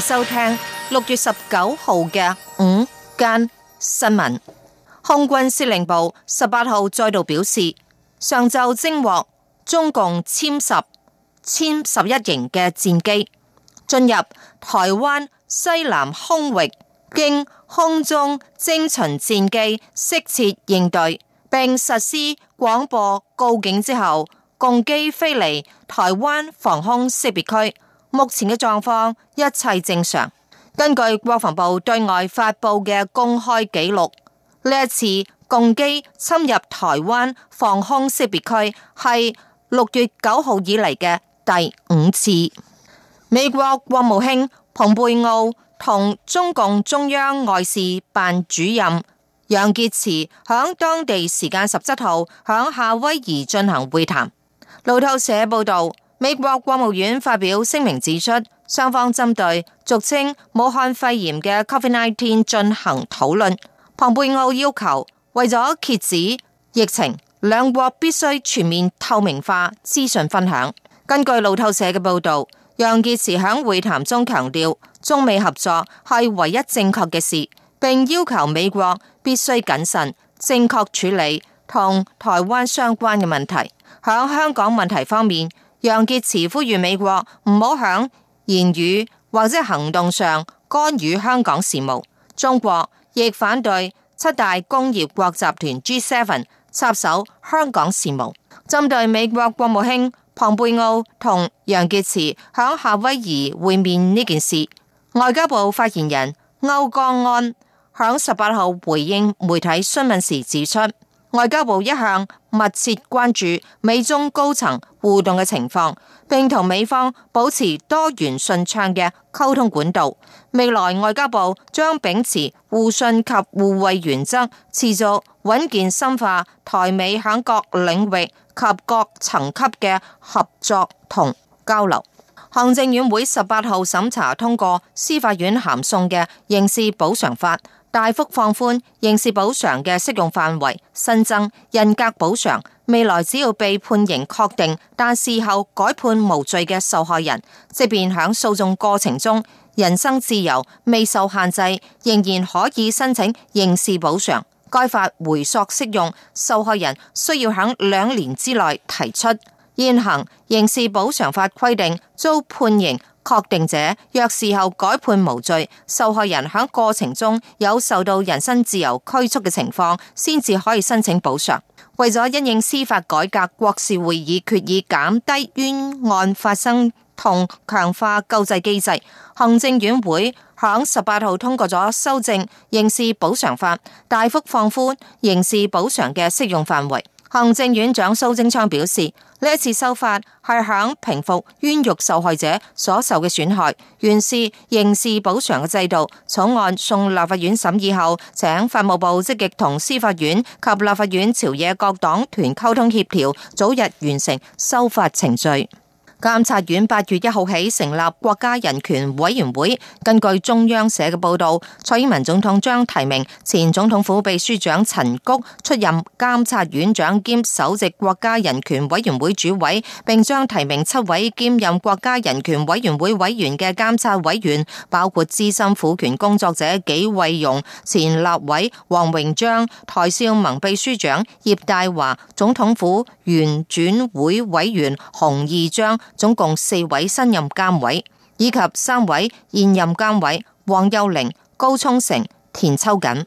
收聽六月十九號嘅午間新聞。空軍司令部十八號再度表示，上晝徵獲中共殲十、殲十一型嘅戰機進入台灣西南空域，經空中精巡戰機適切應對，並實施廣播告警之後，共機飛離台灣防空識別區。目前嘅狀況一切正常。根據國防部對外發布嘅公開記錄，呢一次共機侵入台灣防空識別區係六月九號以嚟嘅第五次。美國國務卿蓬佩奧同中共中央外事辦主任楊潔篪響當地時間十七號響夏威夷進行會談。路透社報道。美國國務院發表聲明指出，雙方針對俗稱武漢肺炎嘅 COVID-19 進行討論。蓬佩奧要求為咗遏止疫情，兩國必須全面透明化資訊分享。根據路透社嘅報道，楊潔篪喺會談中強調，中美合作係唯一正確嘅事，並要求美國必須謹慎、正確處理同台灣相關嘅問題。響香港問題方面。楊潔篪呼籲美國唔好響言語或者行動上干預香港事務，中國亦反對七大工業國集團 G7 插手香港事務。針對美國國務卿蓬佩奧同楊潔篪響夏威夷會面呢件事，外交部發言人歐江安響十八號回應媒體詢問時指出。外交部一向密切關注美中高層互動嘅情況，並同美方保持多元順暢嘅溝通管道。未來外交部將秉持互信及互惠原則，持續穩健深化台美喺各領域及各層級嘅合作同交流。行政院會十八號審查通過司法院函送嘅刑事補償法。大幅放寬刑事補償嘅適用範圍，新增人格補償。未來只要被判刑確定，但事後改判無罪嘅受害人，即便喺訴訟過程中，人身自由未受限制，仍然可以申請刑事補償。該法回溯適用，受害人需要喺兩年之內提出。現行刑事補償法規定，遭判刑確定者，若事後改判無罪，受害人響過程中有受到人身自由拘束嘅情況，先至可以申請補償。為咗因應司法改革，國是會議決議減低冤案發生同強化救濟機制，行政院會響十八號通過咗修正刑事補償法，大幅放寬刑事補償嘅適用範圍。行政院長蘇貞昌表示，呢一次修法係響平復冤獄受害者所受嘅損害，完善刑事補償嘅制度。草案送立法院審議後，請法務部積極同司法院及立法院朝野各黨團溝通協調，早日完成修法程序。監察院八月一號起成立國家人權委員會。根據中央社嘅報道，蔡英文總統將提名前總統府秘書長陳菊出任監察院長兼首席國家人權委員會主委，並將提名七位兼任國家人權委員會委員嘅監察委員，包括資深婦權工作者紀惠容、前立委王榮章、台少盟秘書長葉大華、總統府原轉會委員洪義章。總共四位新任監委，以及三位現任監委王幼玲、高涌誠、田秋堇。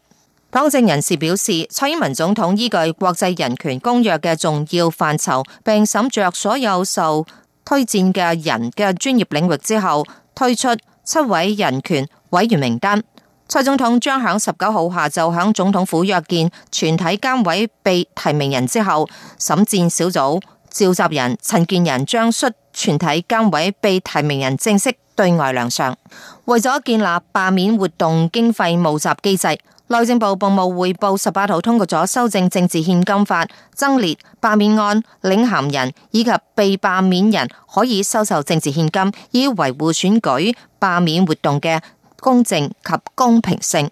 黨政人士表示，蔡英文總統依據《國際人權公約》嘅重要範疇，並審酌所有受推薦嘅人嘅專業領域之後，推出七位人權委員名單。蔡總統將響十九號下晝響總統府約見全體監委被提名人之後，審薦小組召集人陳建仁將率全體監委被提名人正式對外亮相。為咗建立罷免活動經費募集機制，內政部部務會報十八號通過咗修正政治獻金法，增列罷免案領銜人以及被罷免人可以收受政治獻金，以維護選舉罷免活動嘅公正及公平性。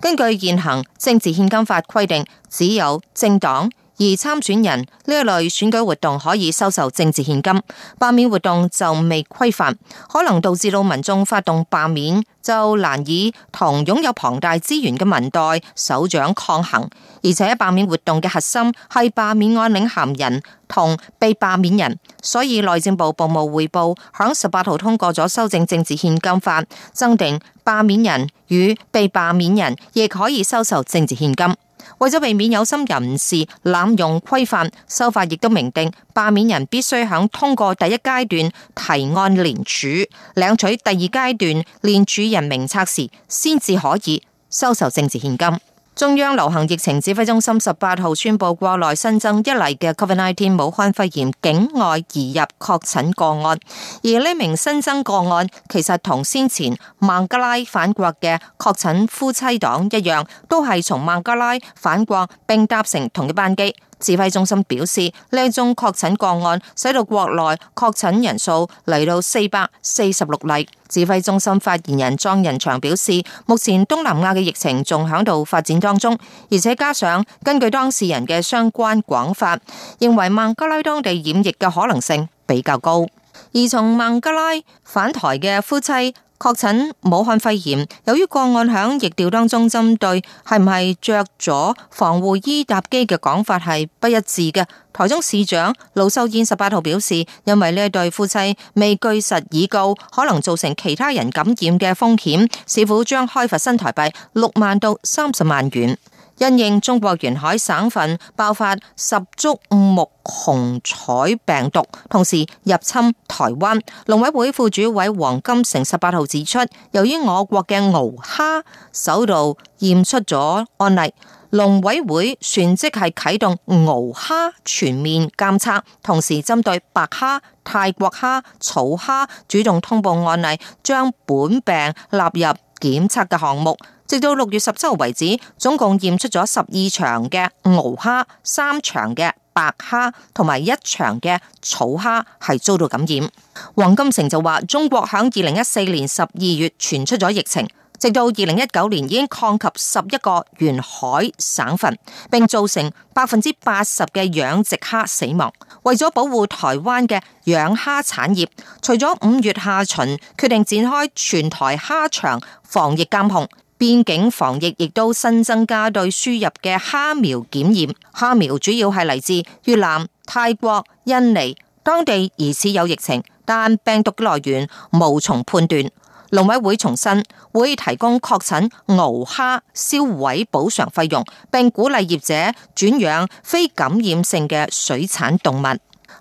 根據現行政治獻金法規定，只有政黨。而參選人呢一類選舉活動可以收受政治獻金，罷免活動就未規範，可能導致老民眾發動罷免就難以同擁有龐大資源嘅民代首長抗衡，而且罷免活動嘅核心係罷免案領銜人，同被罷免人，所以內政部部務匯報響十八號通過咗修正政治獻金法，增訂罷免人與被罷免人亦可以收受政治獻金。為咗避免有心人士濫用規範，修法亦都明定罷免人必須響通過第一階段提案聯署，領取第二階段聯署人名冊時，先至可以收受政治獻金。中央流行疫情指揮中心十八號宣布，國內新增一例嘅 COVID-19 武漢肺炎境外移入確診個案，而呢名新增個案其實同先前孟加拉返國嘅確診夫妻檔一樣，都係從孟加拉返國並搭乘同一班機。指揮中心表示，呢宗確診個案使到國內確診人數嚟到四百四十六例。指揮中心發言人莊仁祥、祥表示，目前東南亞嘅疫情仲響度發展當中，而且加上根據當事人嘅相關講法，認為孟加拉當地染疫嘅可能性比較高。而從孟加拉返台嘅夫妻。確診武漢肺炎，由於個案響疫調當中，針對係唔係着咗防護衣搭機嘅講法係不一致嘅。台中市長盧秀燕十八號表示，因為呢一對夫妻未據實以告，可能造成其他人感染嘅風險，市府將開罰新台幣六萬到三十萬元。因應中國沿海省份爆發十足目虹彩病毒，同時入侵台灣，農委會副主委黃金城十八號指出，由於我國嘅鰲蝦首度驗出咗案例，農委會旋即係啟動鰲蝦全面監測，同時針對白蝦、泰國蝦、草蝦主動通報案例，將本病納入檢測嘅項目。直到六月十七號為止，總共驗出咗十二場嘅鰲蝦、三場嘅白蝦同埋一場嘅草蝦係遭到感染。黃金城就話：中國響二零一四年十二月傳出咗疫情，直到二零一九年已經擴及十一個沿海省份，並造成百分之八十嘅養殖蝦死亡。為咗保護台灣嘅養蝦產業，除咗五月下旬決定展開全台蝦場防疫監控。邊境防疫亦都新增加對輸入嘅蝦苗檢驗，蝦苗主要係嚟自越南、泰國、印尼，當地疑似有疫情，但病毒嘅來源無從判斷。農委會重申會提供確診螯蝦銷毀補償費用，並鼓勵業者轉養非感染性嘅水產動物。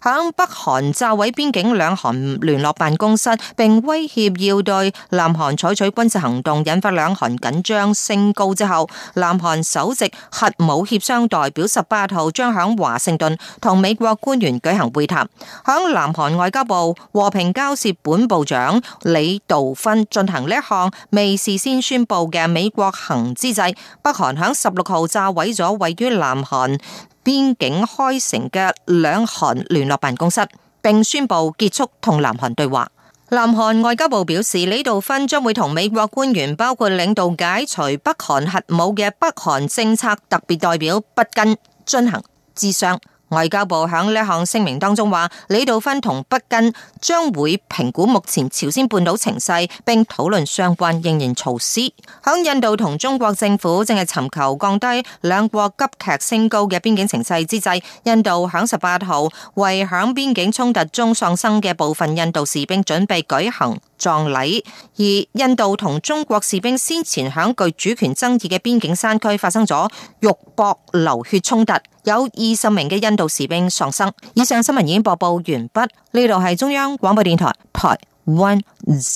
響北韓炸毀邊境兩韓聯絡辦公室，並威脅要對南韓採取軍事行動，引發兩韓緊張升高之後，南韓首席核武協商代表十八號將響華盛頓同美國官員舉行會談。響南韓外交部和平交涉本部長李道芬進行呢一項未事先宣布嘅美國行之際，北韓響十六號炸毀咗位於南韓。邊境開城嘅兩韓聯絡辦公室，並宣佈結束同南韓對話。南韓外交部表示，李道勳將會同美國官員，包括領導解除北韓核武嘅北韓政策特別代表畢根進行諮商。外交部響呢項聲明當中話，李度勳同畢根將會評估目前朝鮮半島情勢，並討論相關因應措施。響印度同中國政府正係尋求降低兩國急劇升高嘅邊境情勢之際，印度響十八號為響邊境衝突中喪生嘅部分印度士兵準備舉行。葬禮，而印度同中國士兵先前喺具主權爭議嘅邊境山區發生咗肉搏流血衝突，有二十名嘅印度士兵喪生。以上新聞已經播報完畢，呢度係中央廣播電台台 One。